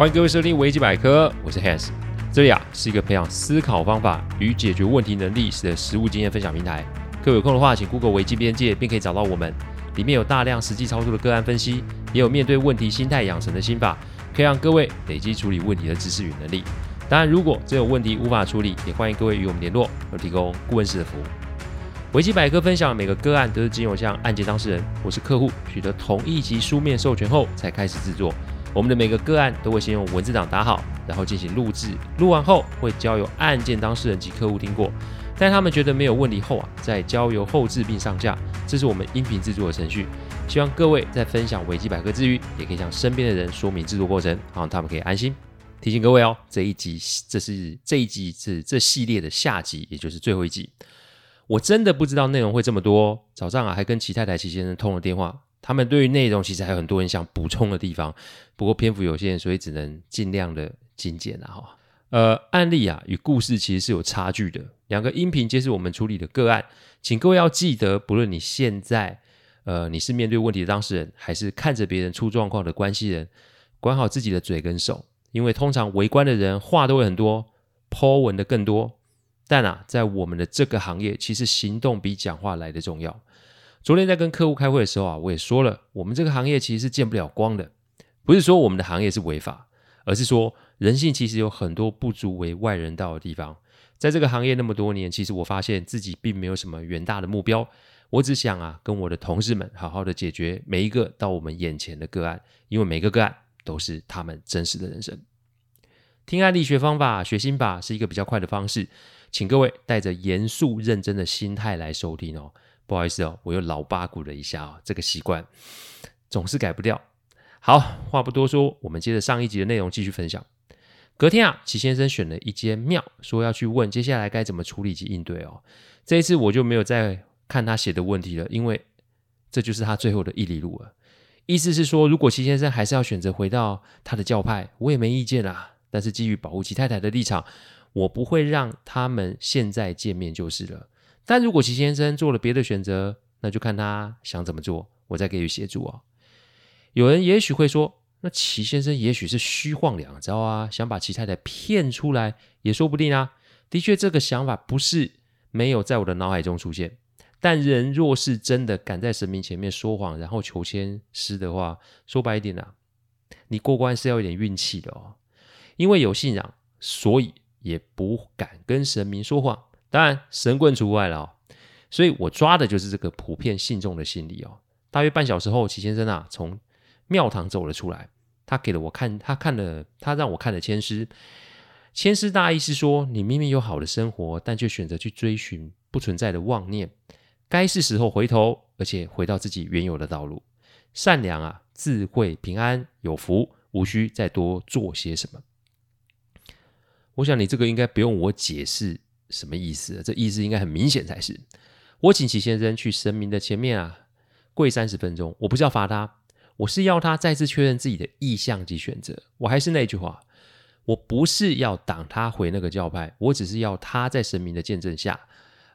歡迎各位收聽《危機百科》，我是 Hans，這裡啊是一個培養思考方法與解決問題能力的實務經驗分享平台。各位有空的話，請 google“ 危機邊界”，便可以找到我們。裡面有大量實際操作的個案分析，也有面對問題心態養成的心法，可以讓各位累積處理問題的知識與能力。當然，如果真有問題無法處理，也歡迎各位與我們聯絡，而提供顧問式的服務。危機百科分享每個個案都是經由向案件當事人（或是客戶）取得同意及書面授權後才開始制作。我們的每個個案都會先用文字檔打好，然後進行錄製。錄完後會交由案件當事人及客戶聽過，在他們覺得沒有問題後啊，再交由後製並上架。這是我們音頻制作的程序。希望各位在分享危機百科之餘，也可以向身邊的人說明制作過程，好讓他們可以安心。提醒各位哦，這一集，這是這一集，是這系列的下集，也就是最後一集。我真的不知道內容會這麼多哦，早上啊，還跟齊太太、齊先生通了電話。他們對於內容其實還有很多人想補充的地方，不過篇幅有限，所以只能盡量的精簡了、啊、哈。呃，案例啊與故事其實是有差距的，兩個音頻皆是我們處理的個案，請各位要記得，不論你現在呃你是面對問題的當事人，還是看着別人出狀況的關係人，管好自己的嘴跟手，因為通常圍觀的人話都會很多，PO 文的更多，但啊，在我們的這個行業，其實行動比講話來得重要。昨天在跟客戶開會的時候啊，我也說了，我們這個行業其實是見不了光的。不是說我們的行業是違法，而是說人性其實有很多不足為外人道的地方。在這個行業那麼多年，其實我發現自己並沒有什麼遠大的目標，我只想啊，跟我的同事們好好的解決每一個到我們眼前的個案，因為每個個案都是他們真實的人生。聽案例學方法，學心法是一個比較快的方式，請各位帶着嚴肅認真的心態來收聽哦。不好意思哦，我又老八股了一下哦，這個習慣總是改不掉。好，話不多說，我們接着上一集的內容繼續分享。隔天啊，齊先生選了一間廟，說要去問接下來該怎麼處理及應對哦。這一次我就沒有再看他寫的問題了，因為這就是他最後的一里路了。意思是說，如果齊先生還是要選擇回到他的教派，我也沒意見啊。但是基於保護齊太太的立場，我不會讓他們現在見面就是了。但如果齊先生做了別的選擇，那就看他想怎麼做，我再給予協助哦。有人也許會說，那齊先生也許是虛晃兩招啊，想把齊太太騙出來，也說不定啊。的確，這個想法不是沒有在我的腦海中出現。但人若是真的敢在神明前面說謊，然後求籤詩的話，說白一點吶、啊，你過關是要一點運氣的哦，因為有信仰，所以也不敢跟神明說謊。當然，神棍除外了哦。所以我抓的就是這個普遍信眾的心理哦。大約半小時後，齊先生啊從廟堂走了出來，他給了我看，他看了，他讓我看了籤詩。籤詩大意是說：你明明有好的生活，但卻選擇去追尋不存在的妄念，該是時候回頭，而且回到自己原有的道路。善良啊，智慧，平安，有福，無需再多做些什麼。我想，你這個應該不用我解釋。什麼意思啊？這意思應該很明顯才是。我請齊先生去神明的前面啊，跪三十分鐘。我不是要罰他，我是要他再次確認自己的意向及選擇。我還是那一句話，我不是要擋他回那個教派，我只是要他在神明的見證下，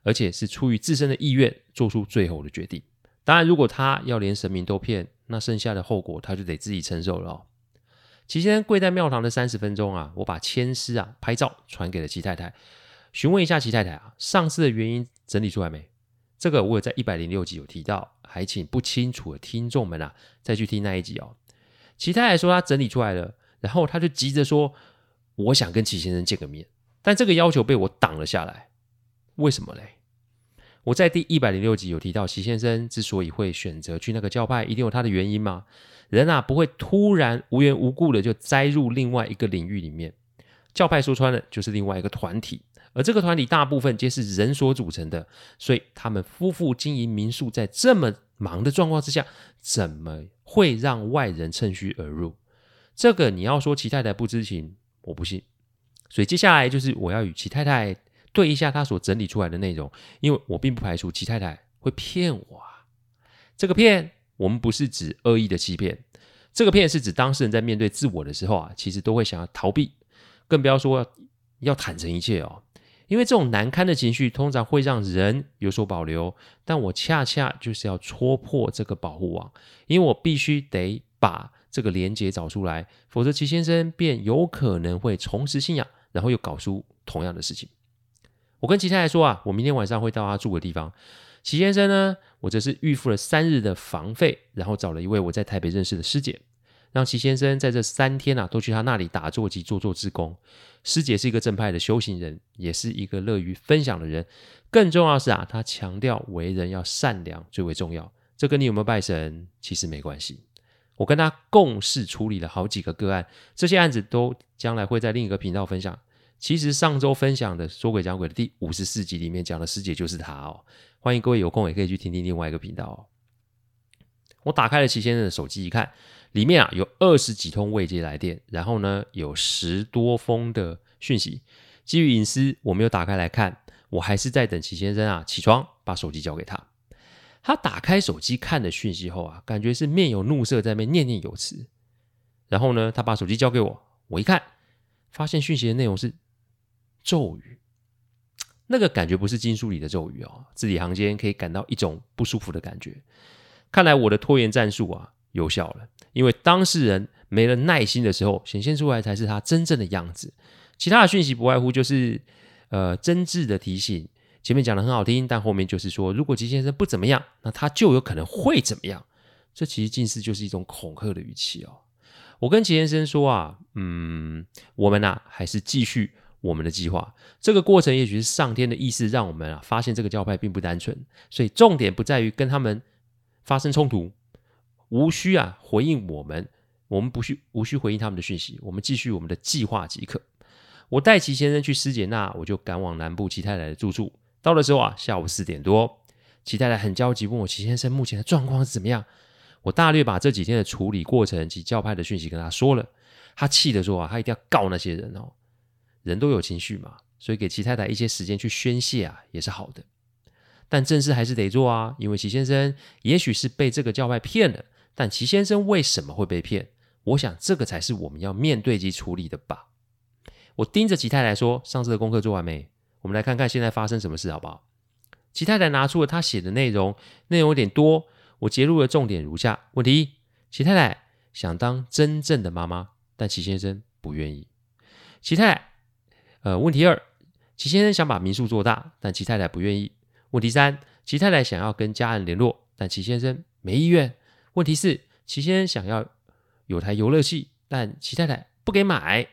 而且是出於自身的意願做出最後的決定。當然，如果他要連神明都騙，那剩下的後果他就得自己承受了哦。齊先生跪在廟堂的三十分鐘啊，我把籤詩啊拍照傳給了齊太太。詢問一下齊太太啊，上次的原因整理出來沒？這個我有在一百零六集有提到，還請不清楚的聽眾們啊，再去聽那一集哦。齊太太說她整理出來了，然後她就急着說，我想跟齊先生見個面，但這個要求被我擋了下來。為什麼嘞？我在第一百零六集有提到，齊先生之所以會選擇去那個教派，一定有他的原因嘛。人啊，不會突然無緣無故的就栽入另外一個領域裡面。教派說穿了就是另外一個團體，而這個團體大部分皆是人所組成的，所以他們夫婦經營民宿，在這麼忙的狀況之下，怎麼會讓外人趁虛而入？這個你要說齊太太不知情，我不信。所以接下來就是我要與齊太太對一下她所整理出來的內容，因為我並不排除齊太太會騙我啊。這個騙我們不是指惡意的欺騙，這個騙是指當事人在面對自我的時候啊，其實都會想要逃避。更不要說要坦誠一切哦，因為這種難堪的情緒通常會讓人有所保留。但我恰恰就是要戳破這個保護網，因為我必須得把這個連結找出來，否則齊先生便有可能會重拾信仰，然後又搞出同樣的事情。我跟齊太太說啊，我明天晚上會到他住的地方。齊先生呢，我則是預付了三日的房費，然後找了一位我在台北認識的師姐。讓齊先生在這三天啊，都去他那裡打坐及做做志工。師姐是一個正派的修行人，也是一個樂於分享的人。更重要的是啊，他強調為人要善良，最為重要。這跟你有沒有拜神其實沒關係。我跟他共事處理了好幾個個案，這些案子都將來會在另一個頻道分享。其實上周分享的說鬼講鬼的第五十四集裡面講的師姐就是他哦。歡迎各位有空也可以去聽聽另外一個頻道哦。我打開了齊先生的手機一看，裡面啊，有二十幾通未接來電，然後呢，有十多封的訊息。基於隱私，我沒有打開來看。我還是在等齊先生啊起床，把手機交給他。他打開手機看的訊息後啊，感覺是面有怒色，在那邊念念有詞。然後呢，他把手機交給我，我一看，發現訊息的內容是咒語。那個感覺不是經書裡的咒語哦，字裡行間可以感到一種不舒服的感覺。看來我的拖延戰術啊。有效了，因為當事人沒了耐心的時候，顯現出來才是他真正的樣子。其他的訊息不外乎就是，呃，真摯的提醒。前面講的很好聽，但後面就是說，如果吉先生不怎麼樣，那他就有可能會怎麼樣。這其實近似就是一種恐嚇的語氣哦。我跟齊先生說啊，嗯，我們啊還是繼續我們的計劃。這個過程也許是上天的意思，讓我們啊發現這個教派並不單純。所以重點不在於跟他們發生衝突。無需啊回應我們，我們不需無需回應他們的訊息，我們繼續我們的計劃即可。我帶齊先生去師姐那，我就趕往南部齊太太的住處。到的時候啊，下午四點多，齊太太很焦急問我齊先生目前的狀況是怎麼樣。我大略把這幾天的處理過程及教派的訊息跟他說了。他氣得說啊，他一定要告那些人哦。人都有情緒嘛，所以給齊太太一些時間去宣泄啊，也是好的。但正事還是得做啊，因為齊先生也許是被這個教派騙了。但齊先生為什麼會被騙？我想這個才是我們要面對及處理的吧。我盯着齊太太說：“上次的功課做完沒？我們來看看現在發生什麼事，好不好？”齊太太拿出了她寫的內容，內容有點多，我節錄的重點如下：問題一，齊太太想當真正的媽媽，但齊先生不願意。齊太太，呃，問題二，齊先生想把民宿做大，但齊太太不願意。問題三，齊太太想要跟家人聯絡，但齊先生沒意願。問題是齊先生想要有台遊樂器，但齊太太不給買。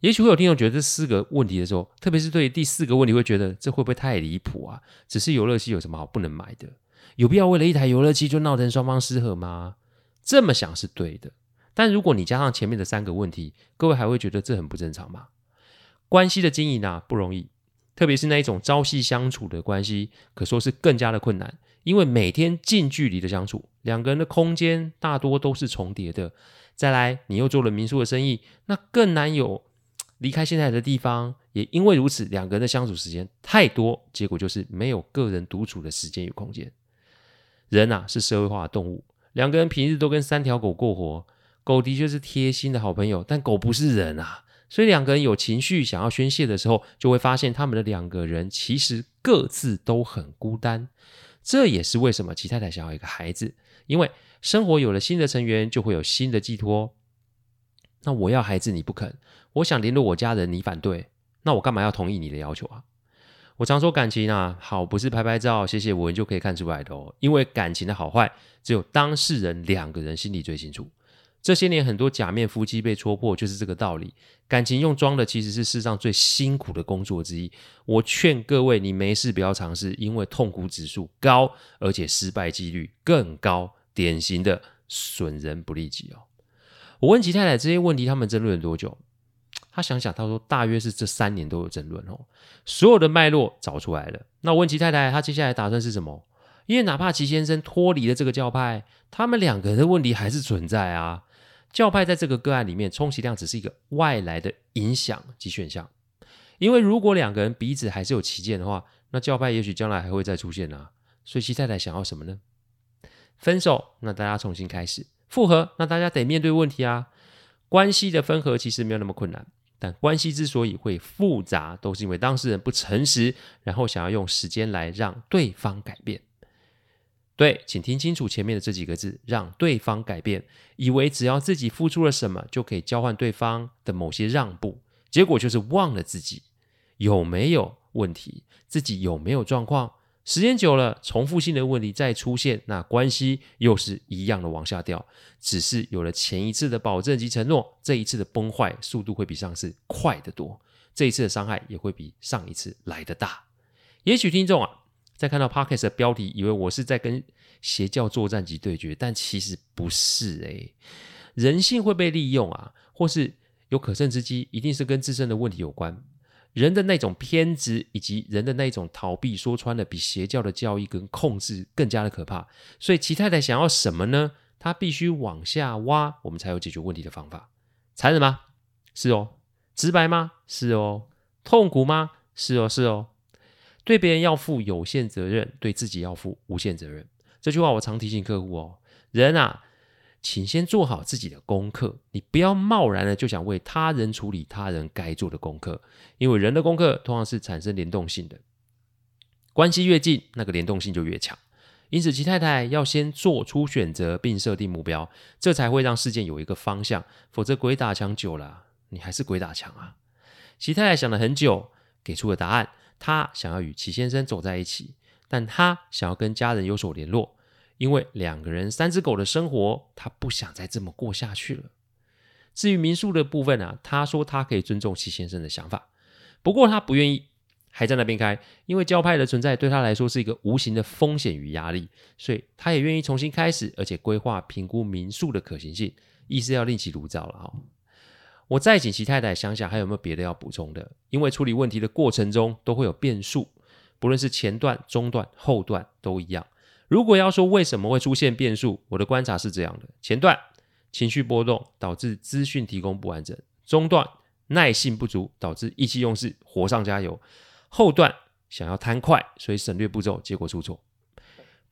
也許會有聽眾覺得這四個問題的時候，特別是對於第四個問題會覺得這會不會太離譜啊？只是遊樂器有什麼好不能買的？有必要為了一台遊樂器就鬧成雙方失和嗎？這麼想是對的，但如果你加上前面的三個問題，各位還會覺得這很不正常嗎？關係的經營啊，不容易，特別是那一種朝夕相處的關係，可說是更加的困難。因為每天近距離的相處，兩個人的空間大多都是重疊的。再來，你又做了民宿的生意，那更難有離開現在的地方。也因為如此，兩個人的相處時間太多，結果就是沒有個人獨處的時間與空間。人啊，是社會化的動物，兩個人平日都跟三條狗過活，狗的確是貼心的好朋友，但狗不是人啊，所以兩個人有情緒想要宣洩的時候，就會發現他們的兩個人其實各自都很孤單。這也是為什麼齊太太想要一個孩子，因為生活有了新的成員，就會有新的寄托。那我要孩子你不肯，我想聯絡我家人你反對，那我幹嘛要同意你的要求啊？我常說感情啊，好，不是拍拍照、寫寫文就可以看出來的哦，因為感情的好壞，只有當事人兩個人心裡最清楚。這些年很多假面夫妻被戳破，就是這個道理。感情用裝的，其實是世上最辛苦的工作之一。我勸各位，你沒事不要嘗試，因為痛苦指數高，而且失敗幾率更高，典型的損人不利己哦。我問齊太太這些問題，他們爭論了多久？她想想，她說大約是這三年都有爭論哦。所有的脈絡找出來了。那我問齊太太，她接下來打算是什麼？因為哪怕齊先生脫離了這個教派，他們兩個人的問題還是存在啊。教派在這個個案裡面，充其量只是一個外來的影響及選項。因為如果兩個人彼此還是有歧見的話，那教派也許將來還會再出現啊。所以，其太太想要什麼呢？分手？那大家重新開始？復合？那大家得面對問題啊。關係的分合其實沒有那麼困難，但關係之所以會複雜，都是因為當事人不誠實，然後想要用時間來讓對方改變。對，請聽清楚前面的這幾個字，讓對方改變，以為只要自己付出了什麼，就可以交換對方的某些讓步，結果就是忘了自己有沒有問題，自己有沒有狀況。時間久了，重複性的問題再出現，那關係又是一樣的往下掉。只是有了前一次的保證及承諾，這一次的崩壞速度會比上次快得多，這一次的傷害也會比上一次來得大。也許聽眾啊。在看到 Podcast 的標題，以為我是在跟邪教作戰及對決，但其實不是誒、欸。人性會被利用啊，或是有可乘之機，一定是跟自身的問題有關。人的那種偏執以及人的那種逃避，說穿了比邪教的教義跟控制更加的可怕。所以齊太太想要什麼呢？她必須往下挖，我們才有解決問題的方法。殘忍嗎？是哦。直白嗎？是哦。痛苦嗎？是哦，是哦。對別人要負有限責任，對自己要負無限責任。這句話我常提醒客戶哦，人啊，請先做好自己的功課，你不要貿然的就想為他人處理他人該做的功課，因為人的功課通常是產生聯動性的，關係越近，那個聯動性就越強。因此，齊太太要先做出選擇並設定目標，這才會讓事件有一個方向，否則鬼打牆久了啊，你還是鬼打牆啊。齊太太想了很久，給出了答案。他想要與齊先生走在一起，但他想要跟家人有所聯絡，因為兩個人、三隻狗的生活，他不想再這麼過下去了。至於民宿的部分啊，他說他可以尊重齊先生的想法，不過他不願意還在那邊開，因為教派的存在對他來說是一個無形的風險與壓力，所以他也願意重新開始，而且規劃評估民宿的可行性，意思要另起爐灶了，哦。我再請其太太想想，還有沒有別的要補充的？因為處理問題的過程中都會有變數，不論是前段、中段、後段都一樣。如果要說為什麼會出現變數，我的觀察是這樣的：前段情緒波動導致資訊提供不完整；中段耐性不足導致意氣用事，火上加油；後段想要貪快，所以省略步驟，結果出錯。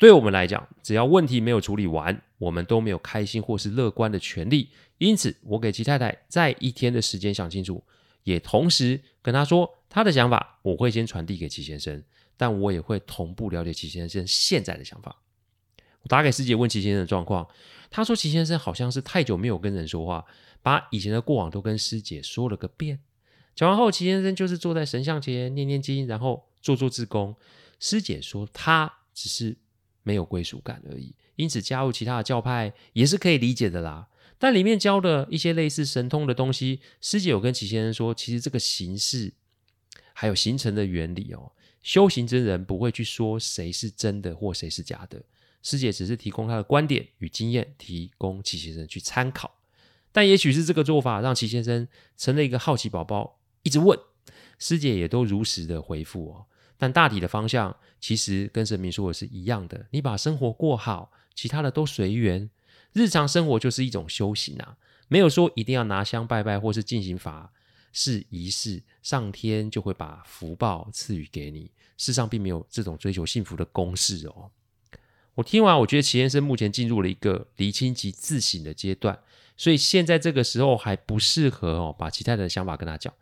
對我們來講，只要問題沒有處理完，我們都沒有開心或是樂觀的權利。因此，我給齊太太再一天的時間想清楚，也同時跟她說她的想法，我會先傳遞給齊先生，但我也會同步了解齊先生現在的想法。我打給師姐問齊先生的狀況，她說齊先生好像是太久沒有跟人說話，把以前的過往都跟師姐說了個遍。講完後，齊先生就是坐在神像前念念經，然後做做志工。師姐說他只是。沒有歸屬感而已，因此加入其他的教派也是可以理解的啦。但裡面教的一些類似神通的東西，師姐有跟齊先生說，其實這個形式還有形成的原理哦。修行之人不會去說誰是真的或誰是假的，師姐只是提供他的觀點與經驗，提供齊先生去參考。但也許是這個做法讓齊先生成了一個好奇寶寶，一直問師姐，也都如實的回復哦。但大體的方向其實跟神明說的是一樣的，你把生活過好，其他的都隨緣。日常生活就是一種修行啊，沒有說一定要拿香拜拜或是進行法事儀式，上天就會把福報賜予給你。世上並沒有這種追求幸福的公式哦。我聽完，我覺得齊先生目前進入了一個釐清及自省的階段，所以現在這個時候還不適合哦，把其他人的想法跟他講。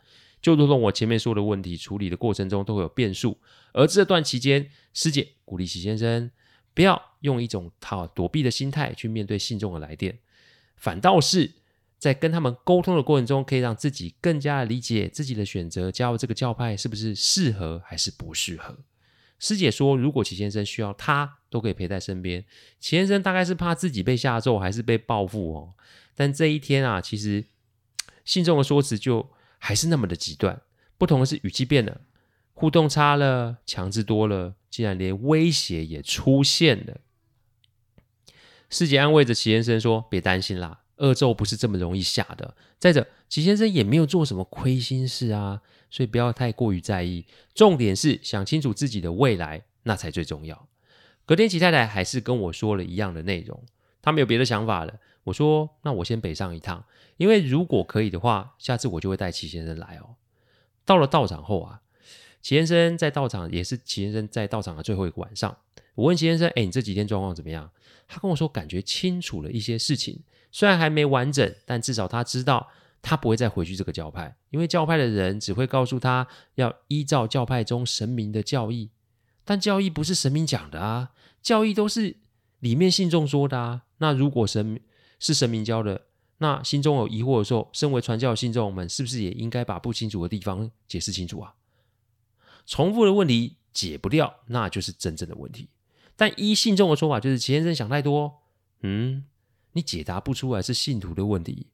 就如同我前面說的問題，處理的過程中都會有變數，而這段期間，師姐鼓勵齊先生不要用一種躲避的心態去面對信眾的來電，反倒是在跟他們溝通的過程中，可以讓自己更加理解自己的選擇加入這個教派是不是適合還是不適合。師姐說，如果齊先生需要，他都可以陪在身邊。齊先生大概是怕自己被下咒還是被報復哦，但這一天啊，其實信眾的說辭就。還是那麼的極端，不同的是語氣變了，互動差了，強制多了，竟然連威脅也出現了。師姐安慰着齊先生說：“別擔心啦，惡咒不是這麼容易下的。再者，齊先生也沒有做什麼虧心事啊，所以不要太過於在意。重點是想清楚自己的未來，那才最重要。”隔天，齊太太還是跟我說了一樣的內容，她沒有別的想法了。我說：“那我先北上一趟，因為如果可以的話，下次我就會帶齊先生來哦。”到了道場後啊，齊先生在道場也是齊先生在道場的最後一個晚上。我問齊先生：“哎，你這幾天狀況怎麼樣？”他跟我說：“感覺清楚了一些事情，雖然還沒完整，但至少他知道他不會再回去這個教派，因為教派的人只會告訴他要依照教派中神明的教義，但教義不是神明講的啊，教義都是裡面信眾說的啊。那如果神明……”是神明教的，那心中有疑惑的時候，身為傳教信眾，我們是不是也應該把不清楚的地方解釋清楚啊？重複的問題解不掉，那就是真正的問題。但依信眾的說法就是齊先生想太多，嗯，你解答不出來是信徒的問題，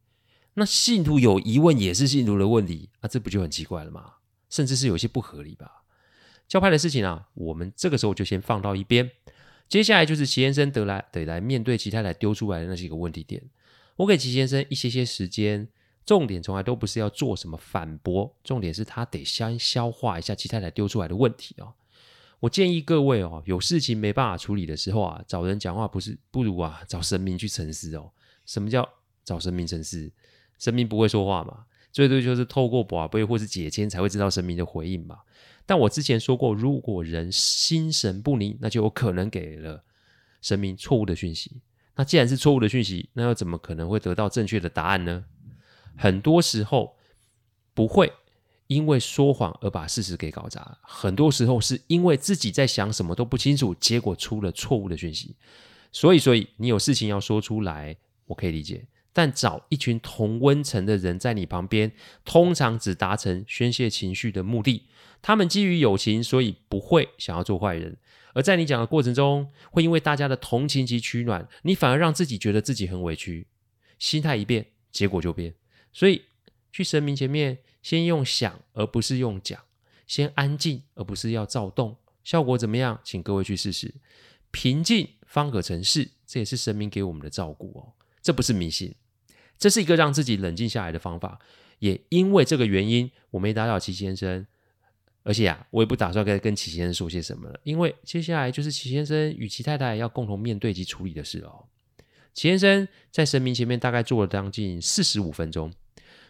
那信徒有疑問也是信徒的問題，啊，這不就很奇怪了嗎？甚至是有些不合理吧？教派的事情啊，我們這個時候就先放到一邊。接下來就是齊先生得來得來面對齊太太丟出來的那幾個問題點。我給齊先生一些些時間，重點從來都不是要做什麼反駁，重點是他得先消化一下齊太太丟出來的問題哦。我建議各位哦，有事情沒辦法處理的時候啊，找人講話不是，不如啊，找神明去沉思哦。什麼叫找神明沉思？神明不會說話嘛，最多就是透過寶貝或是解籤才會知道神明的回應嘛。但我之前說過，如果人心神不寧，那就有可能給了神明錯誤的訊息。那既然是錯誤的訊息，那又怎麼可能會得到正確的答案呢？很多時候不會因為說謊而把事實給搞砸，很多時候是因為自己在想什麼都不清楚，結果出了錯誤的訊息。所以，所以你有事情要說出來，我可以理解。但找一群同溫層的人在你旁邊，通常只達成宣洩情緒的目的。他們基於友情，所以不會想要做壞人。而在你講的過程中，會因為大家的同情及取暖，你反而讓自己覺得自己很委屈。心態一變，結果就變。所以去神明前面，先用想而不是用講，先安靜而不是要躁動。效果怎麼樣？請各位去試試。平靜方可成事，這也是神明給我們的照顧哦。這不是迷信。這是一個讓自己冷靜下來的方法，也因為這個原因，我沒打擾齊先生，而且啊，我也不打算再跟，跟齊先生說些什麼了，因為接下來就是齊先生與齊太太要共同面對及處理的事哦。齊先生在神明前面大概坐了將近四十五分鐘，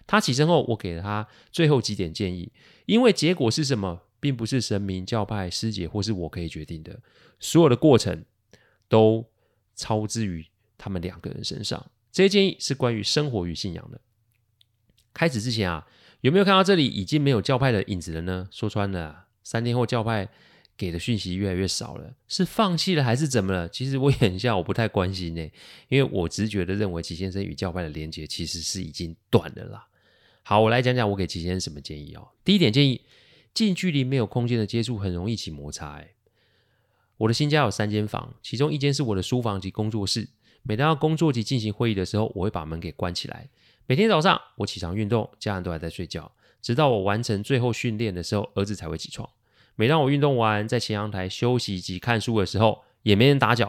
他起身後，我給了他最後幾點建議，因為結果是什麼，並不是神明、教派、師姐或是我可以決定的，所有的過程都操之於他們兩個人身上。這些建議是關於生活與信仰的。開始之前啊，有沒有看到這裡已經沒有教派的影子了呢？說穿了，三天後教派給的訊息越來越少了，是放棄了還是怎麼了？其實我眼下我不太關心呢、欸，因為我直覺的認為齊先生與教派的連接其實是已經斷了啦。好，我來講講我給齊先生什麼建議哦。第一點建議，近距離沒有空間的接觸很容易起摩擦、欸。我的新家有三間房，其中一間是我的書房及工作室。每當要工作及進行會議的時候，我會把門給關起來。每天早上我起床運動，家人都還在睡覺，直到我完成最後訓練的時候，兒子才會起床。每當我運動完，在前陽台休息及看書的時候，也沒人打攪。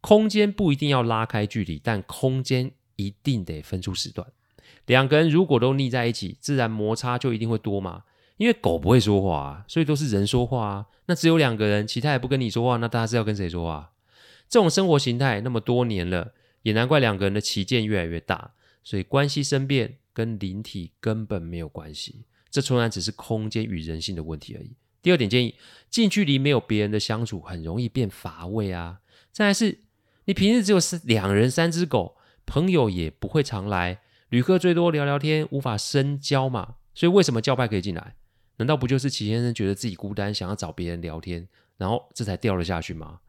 空間不一定要拉開距離，但空間一定得分出時段。兩個人如果都膩在一起，自然摩擦就一定會多嘛。因為狗不會說話啊，所以都是人說話啊。那只有兩個人，其他也不跟你說話，那大家是要跟誰說話？這種生活形態那麼多年了，也難怪兩個人的歧見越來越大，所以關係生變跟靈體根本沒有關係，這從來只是空間與人性的問題而已。第二點建議，近距離沒有別人的相處很容易變乏味啊！再來是你平日只有兩人三隻狗，朋友也不會常來，旅客最多聊聊天，無法深交嘛，所以為什麼教派可以進來？難道不就是齊先生覺得自己孤單，想要找別人聊天，然後這才掉了下去嗎？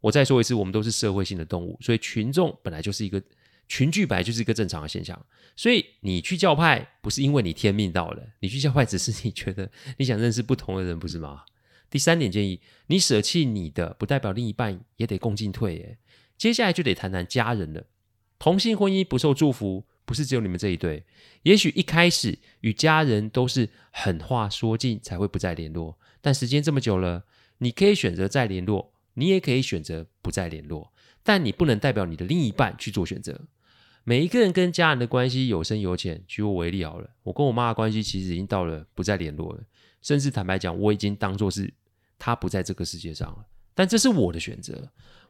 我再說一次，我們都是社會性的動物，所以群眾本來就是一個群聚，本來就是一個正常的現象。所以你去教派不是因為你天命到了，你去教派只是你覺得你想認識不同的人，不是嗎？第三點建議，你捨棄你的，不代表另一半也得共進退。哎，接下來就得談談家人了。同性婚姻不受祝福，不是只有你們這一對。也許一開始與家人都是狠話說盡才會不再聯絡，但時間這麼久了，你可以選擇再聯絡。你也可以選擇不再聯絡，但你不能代表你的另一半去做選擇。每一個人跟家人的關係有深有淺，舉我為例好了，我跟我媽的關係其實已經到了不再聯絡了，甚至坦白講，我已經當做是她不在這個世界上了。但這是我的選擇，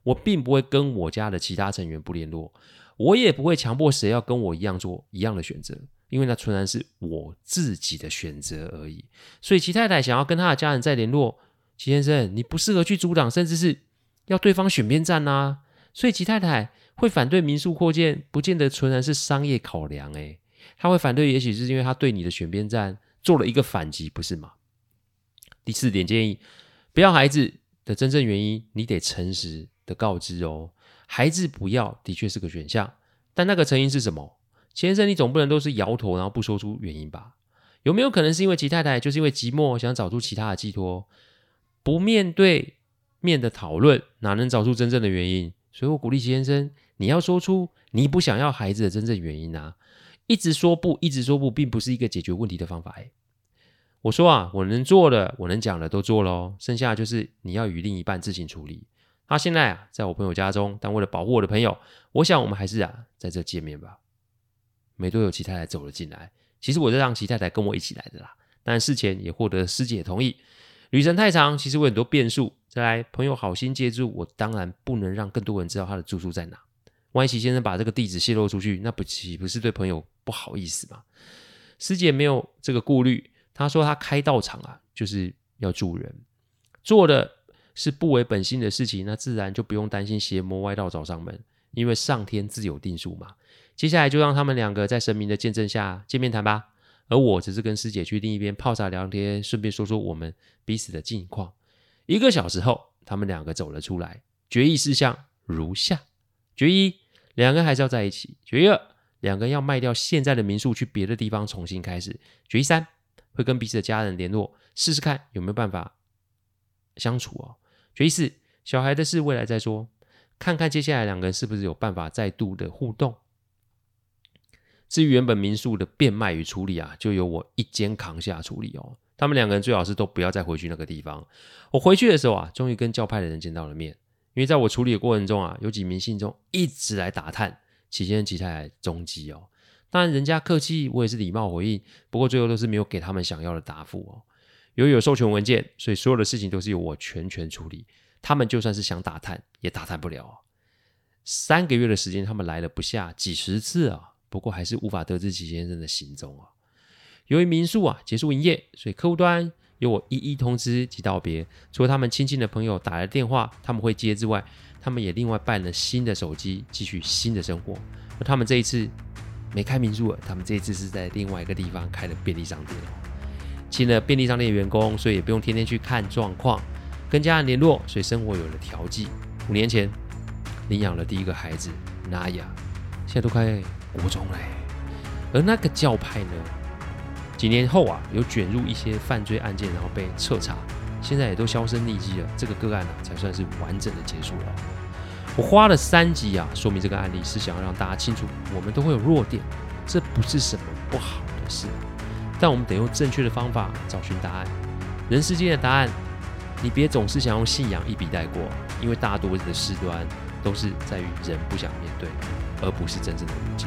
我並不會跟我家的其他成員不聯絡，我也不會強迫誰要跟我一樣做一樣的選擇，因為那純然是我自己的選擇而已。所以齊太太想要跟她的家人再聯絡。齊先生，你不適合去阻擋，甚至是要對方選邊站吶、啊。所以齊太太會反對民宿擴建，不見得純然是商業考量。哎，她會反對，也許是因為她對你的選邊站做了一個反擊，不是嗎？第四點建議，不要孩子的真正原因你得誠實地告知哦。孩子不要的確是個選項，但那個成因是什麼？齊先生，你總不能都是搖頭，然後不說出原因吧？有沒有可能是因為齊太太就是因為寂寞，想找出其他的寄託？不面對面的討論，哪能找出真正的原因？所以我鼓勵齊先生，你要說出你不想要孩子的真正原因啊！一直說不，一直說不，並不是一個解決問題的方法。哎，我說啊，我能做的，我能講的都做咯。剩下就是你要與另一半自行處理。他、啊、現在啊，在我朋友家中，但為了保護我的朋友，我想我們還是啊，在這見面吧。沒多久，齊太太走了進來。其實我是讓齊太太跟我一起來的啦，但事前也獲得師姐同意。旅程太長，其實我有很多變數。再來，朋友好心借住，我當然不能讓更多人知道他的住宿在哪。萬一奇先生把這個地址洩露出去，那不豈不是對朋友不好意思嗎？師姐沒有這個顧慮，她說她開道場啊，就是要住人，做的是不違本心的事情，那自然就不用擔心邪魔歪道找上門，因為上天自有定數嘛。接下來就讓他們兩個在神明的見證下見面談吧。而我只是跟師姐去另一邊泡茶聊天，順便說說我們彼此的近況。一個小時後，他們兩個走了出來，決議事項如下：決議一，兩個人還是要在一起；決議二，兩個人要賣掉現在的民宿，去別的地方重新開始；決議三，會跟彼此的家人聯絡，試試看有沒有辦法相處哦；決議四，小孩的事未來再說，看看接下來兩個人是不是有辦法再度的互動。至於原本民宿的變賣與處理啊，就由我一肩扛下處理哦。他們兩個人最好是都不要再回去那個地方。我回去的時候啊，終於跟教派的人見到了面。因為在我處理的過程中啊，有幾名信眾一直來打探齊先生、齊太太的蹤跡哦。當然，人家客氣，我也是禮貌回應。不過最後都是沒有給他們想要的答覆哦。由於有授權文件，所以所有的事情都是由我全權處理。他們就算是想打探，也打探不了哦。三個月的時間，他們來了不下幾十次啊。不過還是無法得知齊先生的行蹤啊，由於民宿啊結束營業，所以客戶端由我一一通知及道別。除了他們親戚的朋友打來電話，他們會接之外，他們也另外辦了新的手機，繼續新的生活。那他們這一次沒開民宿了，他們這一次是在另外一個地方開了便利商店哦。請了便利商店的員工，所以也不用天天去看狀況，跟家人聯絡，所以生活有了調劑。五年前領養了第一個孩子 Naia，現在都快國中嘞，而那個教派呢，幾年後啊，有捲入一些犯罪案件，然後被徹查，現在也都銷聲匿跡了。這個個案呢、啊，才算是完整的結束了。我花了三集啊，說明這個案例，是想要讓大家清楚，我們都會有弱點，這不是什麼不好的事，但我們得用正確的方法找尋答案。人世間的答案，你別總是想用信仰一筆帶過，因為大多的事端都是在於人不想面對，而不是真正的誤解。